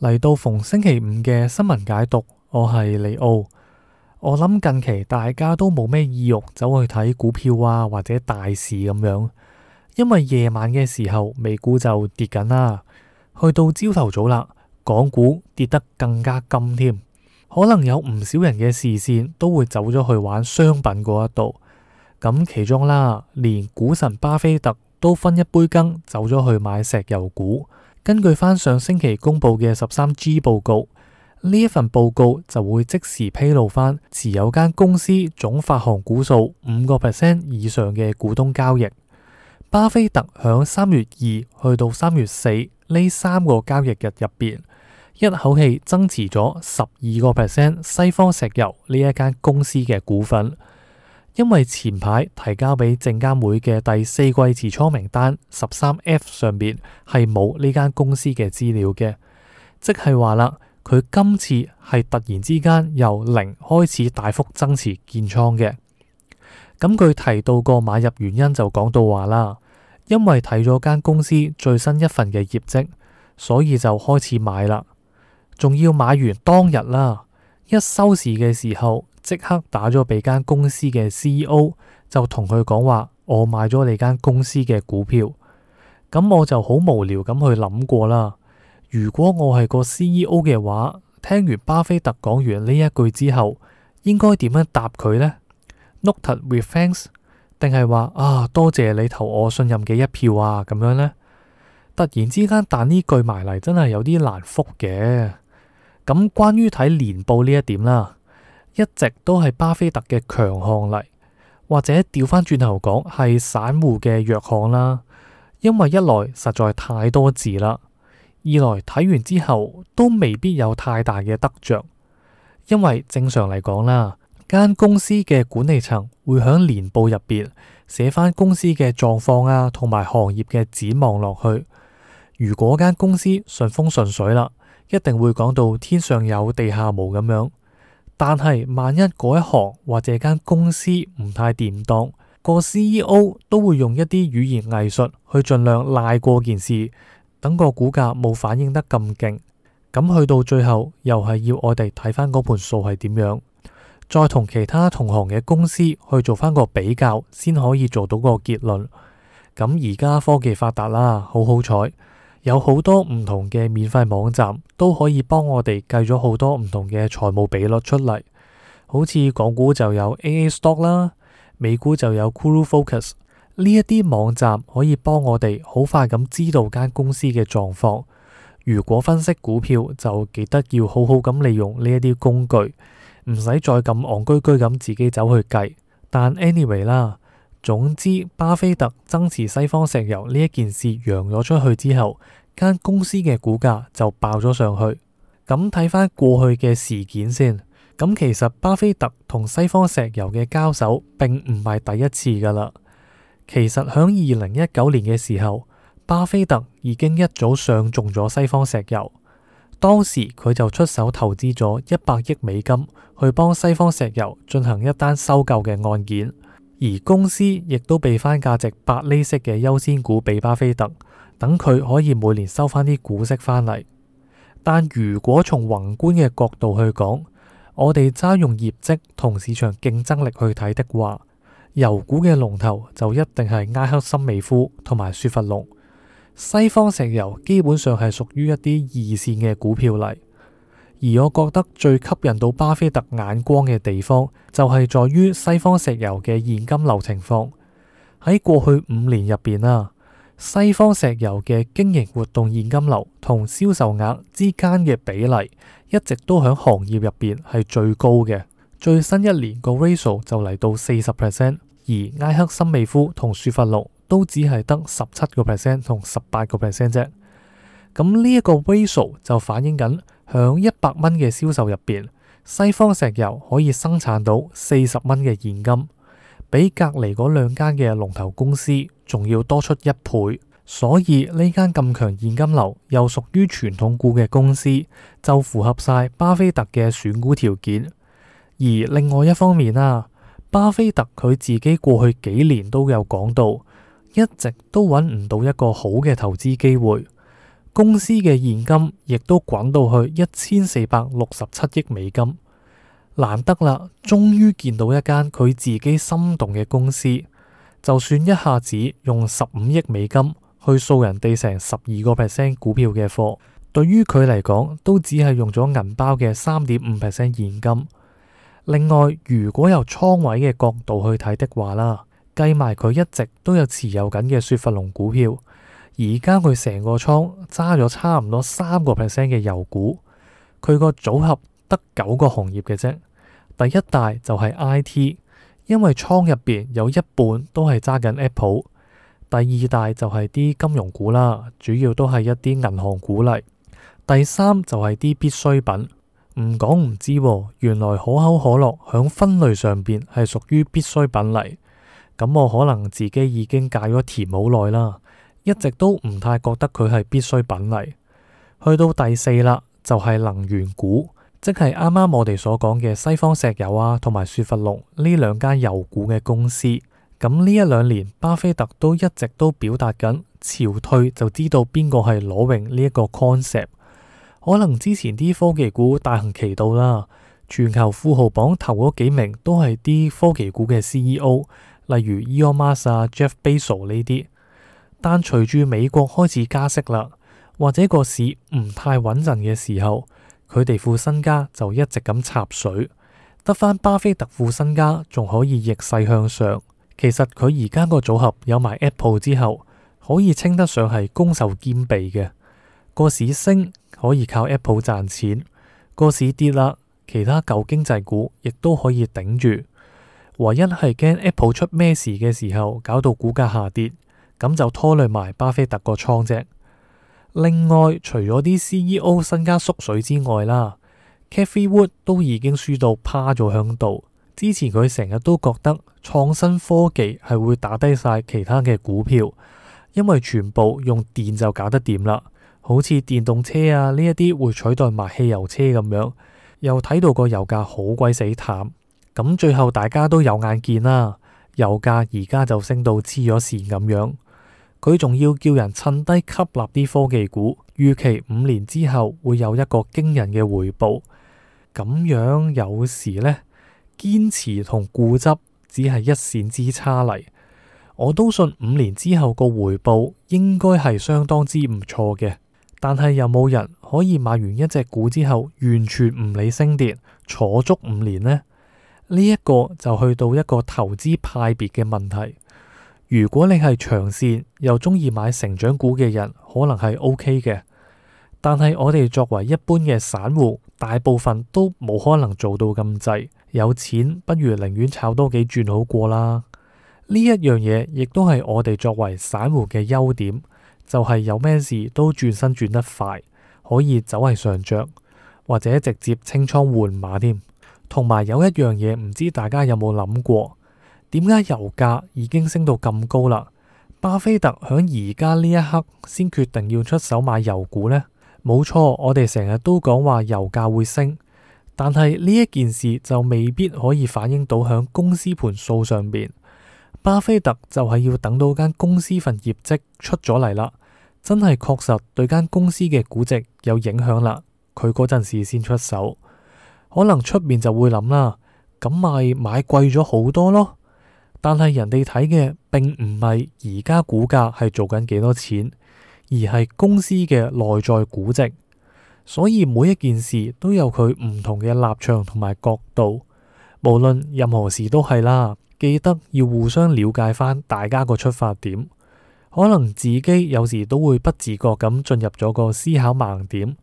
嚟到逢星期五嘅新聞解讀，我係李奧。我諗近期大家都冇咩意欲走去睇股票啊，或者大市咁樣，因為夜晚嘅時候美股就跌緊啦。去到朝頭早啦，港股跌得更加金添，可能有唔少人嘅視線都會走咗去玩商品嗰一度。咁其中啦，連股神巴菲特都分一杯羹，走咗去買石油股。根據翻上，上星期公布嘅十三 G 報告，呢一份報告就會即時披露翻持有間公司總發行股數五個 percent 以上嘅股東交易。巴菲特響三月二去到三月四呢三個交易日入邊，一口氣增持咗十二個 percent 西方石油呢一間公司嘅股份。因為前排提交俾證監會嘅第四季持倉名單十三 F 上面係冇呢間公司嘅資料嘅，即係話啦，佢今次係突然之間由零開始大幅增持建倉嘅。咁佢提到個買入原因就講到話啦，因為睇咗間公司最新一份嘅業績，所以就開始買啦，仲要買完當日啦，一收市嘅時候，即刻打咗俾間公司嘅 CEO，就同佢講話：我買咗你間公司嘅股票。咁我就好無聊咁去諗過啦。如果我係個 CEO 嘅話，聽完巴菲特講完呢一句之後，應該點樣答佢呢？Noted with thanks，定係話啊多謝你投我信任嘅一票啊咁樣呢，突然之間彈呢句埋嚟，真係有啲難覆嘅。咁關於睇年報呢一點啦。一直都係巴菲特嘅強項嚟，或者調翻轉頭講係散戶嘅弱項啦。因為一來實在太多字啦，二來睇完之後都未必有太大嘅得着。因為正常嚟講啦，間公司嘅管理層會響年報入邊寫翻公司嘅狀況啊，同埋行業嘅展望落去。如果間公司順風順水啦，一定會講到天上有地下無咁樣。但係萬一嗰一行或者間公司唔太掂當，個 C E O 都會、用一啲語言藝術去盡量賴過件事，等個股價冇反應得咁勁，咁去到最後又係要我哋睇翻嗰盤數係點樣，再同其他同行嘅公司去做翻個比較，先可以做到個結論。咁而家科技發達啦，好好彩。有好多唔同嘅免費網站都可以幫我哋計咗好多唔同嘅財務比率出嚟，好似港股就有 AA Stock 啦，美股就有 GuruFocus。呢一啲網站可以幫我哋好快咁知道間公司嘅狀況。如果分析股票，就記得要好好咁利用呢一啲工具，唔使再咁戇居居咁自己走去計。但 anyway 啦。總之，巴菲特增持西方石油呢一件事揚咗出去之後，間公司嘅股價就爆咗上去。咁睇翻過去嘅事件先，咁、嗯、其實巴菲特同西方石油嘅交手並唔係第一次噶啦。其實響二零一九年嘅時候，巴菲特已經一早上中咗西方石油，當時佢就出手投資咗一百億美金去幫西方石油進行一單收購嘅案件。而公司亦都備翻價值八厘息嘅優先股俾巴菲特，等佢可以每年收翻啲股息翻嚟。但如果從宏觀嘅角度去講，我哋揸用業績同市場競爭力去睇的話，油股嘅龍頭就一定係埃克森美孚同埋雪佛龍。西方石油基本上係屬於一啲二線嘅股票嚟。而我覺得最吸引到巴菲特眼光嘅地方，就係在於西方石油嘅現金流情況。喺過去五年入邊啊，西方石油嘅經營活動現金流同銷售額之間嘅比例一直都喺行業入邊係最高嘅。最新一年個 ratio 就嚟到四十 percent，而埃克森美孚同雪佛龍都只係得十七個 percent 同十八個 percent 啫。咁呢一個 ratio 就反映緊。響一百蚊嘅銷售入邊，西方石油可以生產到四十蚊嘅現金，比隔籬嗰兩間嘅龍頭公司仲要多出一倍。所以呢間咁強現金流又屬於傳統股嘅公司，就符合晒巴菲特嘅選股條件。而另外一方面啦、啊，巴菲特佢自己過去幾年都有講到，一直都搵唔到一個好嘅投資機會。公司嘅現金亦都滾到去一千四百六十七億美金，難得啦，終於見到一間佢自己心動嘅公司。就算一下子用十五億美金去掃人哋成十二個 percent 股票嘅貨，對於佢嚟講，都只係用咗銀包嘅三點五 percent 現金。另外，如果由倉位嘅角度去睇的話啦，計埋佢一直都有持有緊嘅雪佛龍股票。而家佢成個倉揸咗差唔多三個 percent 嘅油股，佢個組合得九個行業嘅啫。第一大就係 IT，因為倉入邊有一半都係揸緊 Apple。第二大就係啲金融股啦，主要都係一啲銀行股嚟。第三就係啲必需品，唔講唔知啊，原來可口可樂響分類上邊係屬於必需品嚟。咁我可能自己已經戒咗甜好耐啦。一直都唔太覺得佢係必須品嚟。去到第四啦，就係、是、能源股，即係啱啱我哋所講嘅西方石油啊，同埋雪佛龍呢兩間油股嘅公司。咁、嗯、呢一兩年，巴菲特都一直都表達緊，潮退就知道邊個係裸泳呢一個 concept。可能之前啲科技股大行其道啦，全球富豪榜頭嗰幾名都係啲科技股嘅 CEO，例如 Elon Musk、啊、Jeff Bezos 呢啲。但隨住美國開始加息啦，或者個市唔太穩陣嘅時候，佢哋副身家就一直咁插水，得返巴菲特副身家仲可以逆勢向上。其實佢而家個組合有埋 Apple 之後，可以稱得上係攻守兼備嘅。個市升可以靠 Apple 賺錢，個市跌啦，其他舊經濟股亦都可以頂住，唯一係驚 Apple 出咩事嘅時候，搞到股價下跌。咁就拖累埋巴菲特個倉啫。另外，除咗啲 CEO 身家縮水之外啦，Cathie Wood 都已經輸到趴咗響度。之前佢成日都覺得創新科技係會打低晒其他嘅股票，因為全部用電就搞得掂啦，好似電動車啊呢一啲會取代埋汽油車咁樣。又睇到個油價好鬼死淡，咁最後大家都有眼見啦，油價而家就升到黐咗綫咁樣。佢仲要叫人趁低吸納啲科技股，預期五年之後會有一個驚人嘅回報。咁樣有時呢，堅持同固執只係一線之差嚟。我都信五年之後個回報應該係相當之唔錯嘅，但係有冇人可以買完一隻股之後完全唔理升跌，坐足五年呢？呢、呢、一個就去到一個投資派別嘅問題。如果你係長線又鍾意買成長股嘅人，可能係 OK 嘅。但係我哋作為一般嘅散戶，大部分都冇可能做到咁滯。有錢不如寧願炒多幾轉好過啦。呢一樣嘢亦都係我哋作為散戶嘅優點，就係、是、有咩事都轉身轉得快，可以走為上著或者直接清倉換馬添。同埋有，有一樣嘢，唔知大家有冇諗過？點解油價已經升到咁高啦？巴菲特響而家呢一刻先決定要出手買油股呢？冇錯，我哋成日都講話油價會升，但係呢一件事就未必可以反映到響公司盤數上邊。巴菲特就係要等到間公司份業績出咗嚟，啦真係確實對間公司嘅估值有影響啦。佢嗰陣時先出手，可能出面就會諗啦，咁咪買，買貴咗好多咯。但係人哋睇嘅並唔係而家股價係做緊幾多錢，而係公司嘅內在估值。所以每一件事都有佢唔同嘅立場同埋角度。無論任何事都係啦，記得要互相了解翻大家個出發點。可能自己有時都會不自覺咁進入咗個思考盲點。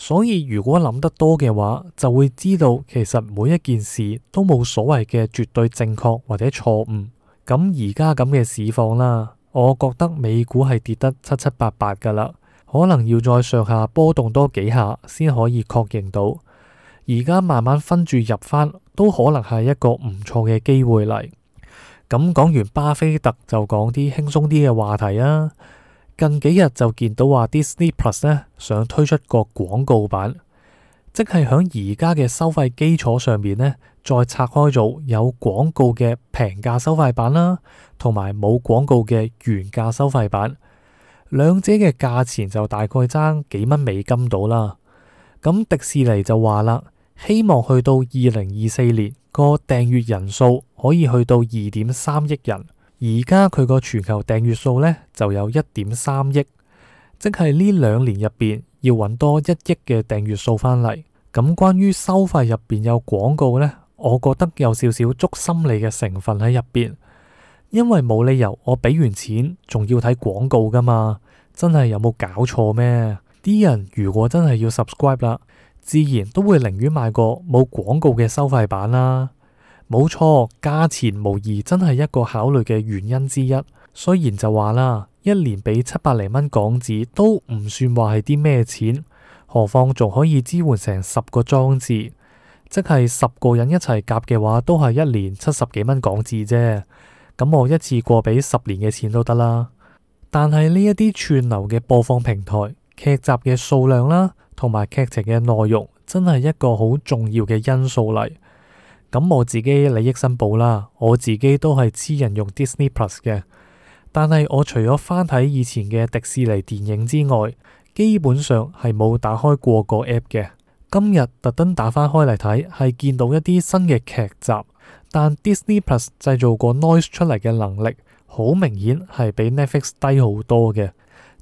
所以如果諗得多嘅話，就會知道其實每一件事都冇所謂嘅絕對正確或者錯誤。咁而家咁嘅市況啦，我覺得美股係跌得七七八八噶啦，可能要再上下波動多幾下先可以確認到。而家慢慢分住入翻，都可能係一個唔錯嘅機會嚟。咁講完巴菲特就講啲輕鬆啲嘅話題啊。近幾日就見到話迪士尼 Plus 呢，想推出個廣告版，即係響而家嘅收費基礎上面呢，再拆開做有廣告嘅平價收費版啦，同埋冇廣告嘅原價收費版，兩者嘅價錢就大概爭幾蚊美金到啦。咁迪士尼就話啦，希望去到二零二四年個訂閱人數可以去到二點三億人。而家佢個全球訂閱數呢，就有一點三億，即係呢兩年入邊要揾多一億嘅訂閱數翻嚟。咁關於收費入邊有廣告呢，我覺得有少少捉心理嘅成分喺入邊，因為冇理由我俾完錢仲要睇廣告噶嘛，真係有冇搞錯咩？啲人如果真係要 subscribe 啦，自然都會寧願買個冇廣告嘅收費版啦。冇錯，價錢無疑真係一個考慮嘅原因之一。雖然就話啦，一年俾七百零蚊港紙都唔算話係啲咩錢，何況仲可以支援成十個裝置，即係十個人一齊夾嘅話，都係一年七十幾蚊港紙啫。咁我一次過俾十年嘅錢都得啦。但係呢一啲串流嘅播放平台，劇集嘅數量啦，同埋劇情嘅內容，真係一個好重要嘅因素嚟。咁我自己利益申報啦，我自己都係黐人用 Disney Plus 嘅，但係我除咗翻睇以前嘅迪士尼電影之外，基本上係冇打開過個 app 嘅。今日特登打翻開嚟睇，係見到一啲新嘅劇集，但 Disney Plus 製造個 noise 出嚟嘅能力，好明顯係比 Netflix 低好多嘅，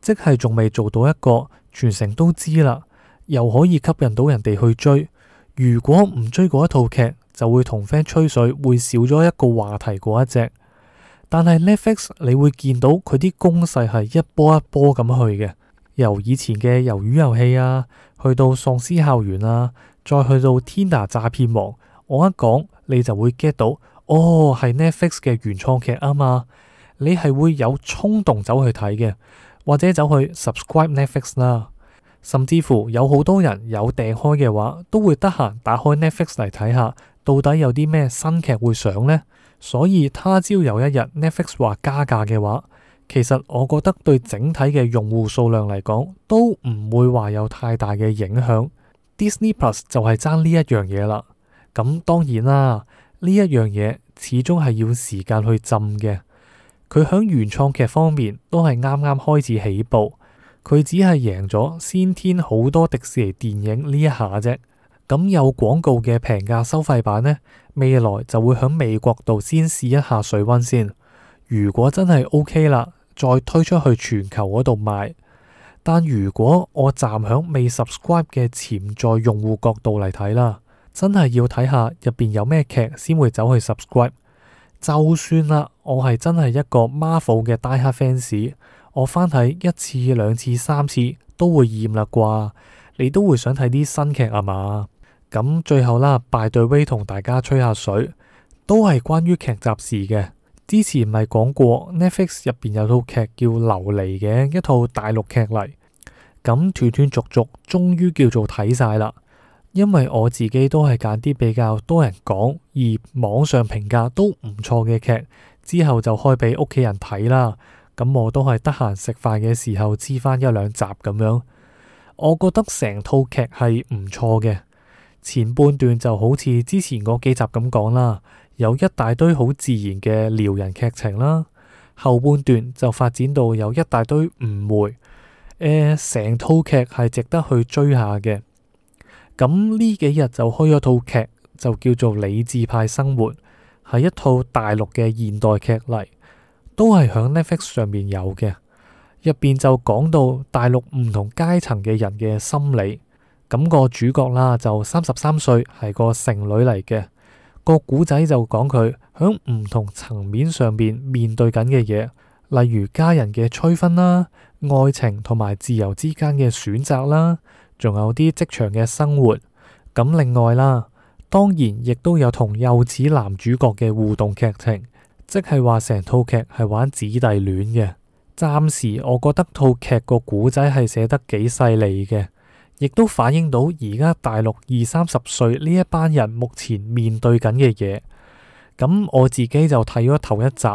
即係仲未做到一個全城都知啦，又可以吸引到人哋去追。如果唔追嗰一套劇，就會同 friend 吹水，會少咗一個話題嗰一隻。但係 Netflix，你會見到佢啲攻勢係一波一波咁去嘅，由以前嘅魷魚遊戲啊，去到喪屍校園啊，再去到 Tinder 詐騙王。我一講你就會 get 到，哦，係 Netflix 嘅原創劇啊嘛，你係會有衝動走去睇嘅，或者走去 subscribe Netflix 啦。甚至乎有好多人有訂開嘅話，都會得閒打開 Netflix 嚟睇下。到底有啲咩新劇會上呢？所以他朝有一日 Netflix 話加價嘅話，其實我覺得對整體嘅用戶數量嚟講都唔會話有太大嘅影響。Disney+ 就係爭呢一樣嘢啦。咁、嗯、當然啦，呢一樣嘢始終係要時間去浸嘅。佢響原創劇方面都係啱啱開始起步，佢只係贏咗先天好多迪士尼電影呢一下啫。咁有廣告嘅平價收費版呢？未來就會響美國度先試一下水温先。如果真係 OK 啦，再推出去全球嗰度賣。但如果我站響未 subscribe 嘅潛在用戶角度嚟睇啦，真係要睇下入邊有咩劇先會走去 subscribe。就算啦，我係真係一個 Marvel 嘅 Die Hard fans，我翻睇一次、兩次、三次都會厭啦啩，你都會想睇啲新劇係嘛？咁最後啦，by the way 同大家吹下水，都係關於劇集事嘅。之前咪講過 Netflix 入邊有套劇叫《琉璃》嘅一套大陸劇嚟。咁斷斷續續，終於叫做睇曬啦。因為我自己都係揀啲比較多人講而網上評價都唔錯嘅劇，之後就開俾屋企人睇啦。咁、嗯、我都係得閒食飯嘅時候，知翻一兩集咁樣。我覺得成套劇係唔錯嘅。前半段就好似之前嗰幾集咁講啦，有一大堆好自然嘅撩人劇情啦。後半段就發展到有一大堆誤會，誒、呃，成套劇係值得去追下嘅。咁呢幾日就開咗套劇，就叫做《理智派生活》，係一套大陸嘅現代劇嚟，都係響 Netflix 上面有嘅。入邊就講到大陸唔同階層嘅人嘅心理。咁個主角啦，就三十三歲，係個剩女嚟嘅。個古仔就講佢響唔同層面上面面對緊嘅嘢，例如家人嘅催婚啦、愛情同埋自由之間嘅選擇啦，仲有啲職場嘅生活。咁另外啦，當然亦都有同幼稚男主角嘅互動劇情，即係話成套劇係玩姊弟戀嘅。暫時我覺得套劇個古仔係寫得幾細膩嘅。亦都反映到而家大陸二三十歲呢一班人目前面對緊嘅嘢。咁我自己就睇咗頭一集，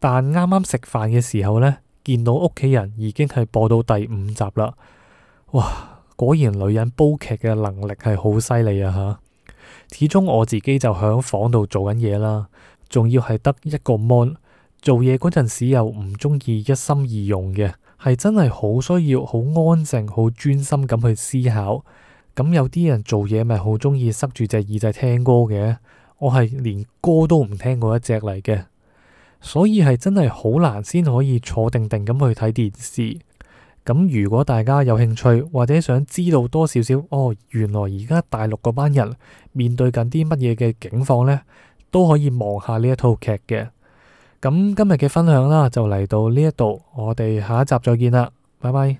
但啱啱食飯嘅時候呢，見到屋企人已經係播到第五集啦。哇！果然女人煲劇嘅能力係好犀利啊吓。始終我自己就響房度做緊嘢啦，仲要係得一個 mon，做嘢嗰陣時又唔中意一心二用嘅。係真係好需要，好安靜，好專心咁去思考。咁有啲人做嘢咪好中意塞住隻耳仔聽歌嘅。我係連歌都唔聽過一隻嚟嘅，所以係真係好難先可以坐定定咁去睇電視。咁如果大家有興趣或者想知道多少少，哦，原來而家大陸嗰班人面對緊啲乜嘢嘅境況呢，都可以望下呢一套劇嘅。咁今日嘅分享啦，就嚟到呢一度，我哋下一集再見啦，拜拜。